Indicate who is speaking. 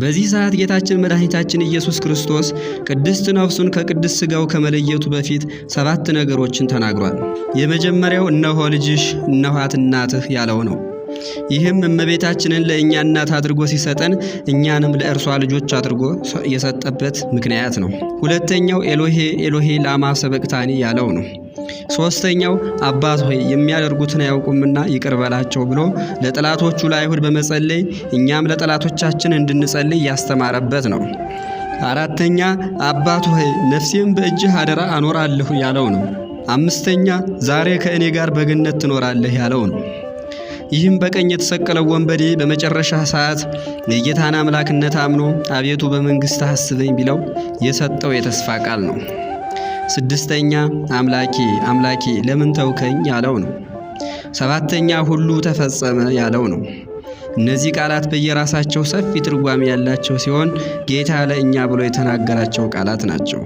Speaker 1: በዚህ ሰዓት ጌታችን መድኃኒታችን ኢየሱስ ክርስቶስ ቅድስት ነፍሱን ከቅድስት ሥጋው ከመለየቱ በፊት ሰባት ነገሮችን ተናግሯል። የመጀመሪያው እነሆ ልጅሽ፣ እነኋት እናትህ ያለው ነው። ይህም እመቤታችንን ለእኛ እናት አድርጎ ሲሰጠን እኛንም ለእርሷ ልጆች አድርጎ የሰጠበት ምክንያት ነው። ሁለተኛው ኤሎሄ ኤሎሄ ላማ ሰበቅታኒ ያለው ነው። ሶስተኛው አባት ሆይ የሚያደርጉትን አያውቁምና ይቅር በላቸው ብሎ ለጠላቶቹ ለአይሁድ በመጸለይ እኛም ለጠላቶቻችን እንድንጸልይ ያስተማረበት ነው። አራተኛ አባት ሆይ ነፍሴን በእጅህ አደራ አኖራለሁ ያለው ነው። አምስተኛ ዛሬ ከእኔ ጋር በገነት ትኖራለህ ያለው ነው። ይህም በቀኝ የተሰቀለው ወንበዴ በመጨረሻ ሰዓት የጌታን አምላክነት አምኖ አቤቱ በመንግሥት አስበኝ ቢለው የሰጠው የተስፋ ቃል ነው። ስድስተኛ አምላኬ አምላኬ ለምን ተውከኝ ያለው ነው። ሰባተኛ ሁሉ ተፈጸመ ያለው ነው። እነዚህ ቃላት በየራሳቸው ሰፊ ትርጓሜ ያላቸው ሲሆን ጌታ ለእኛ ብሎ የተናገራቸው ቃላት ናቸው።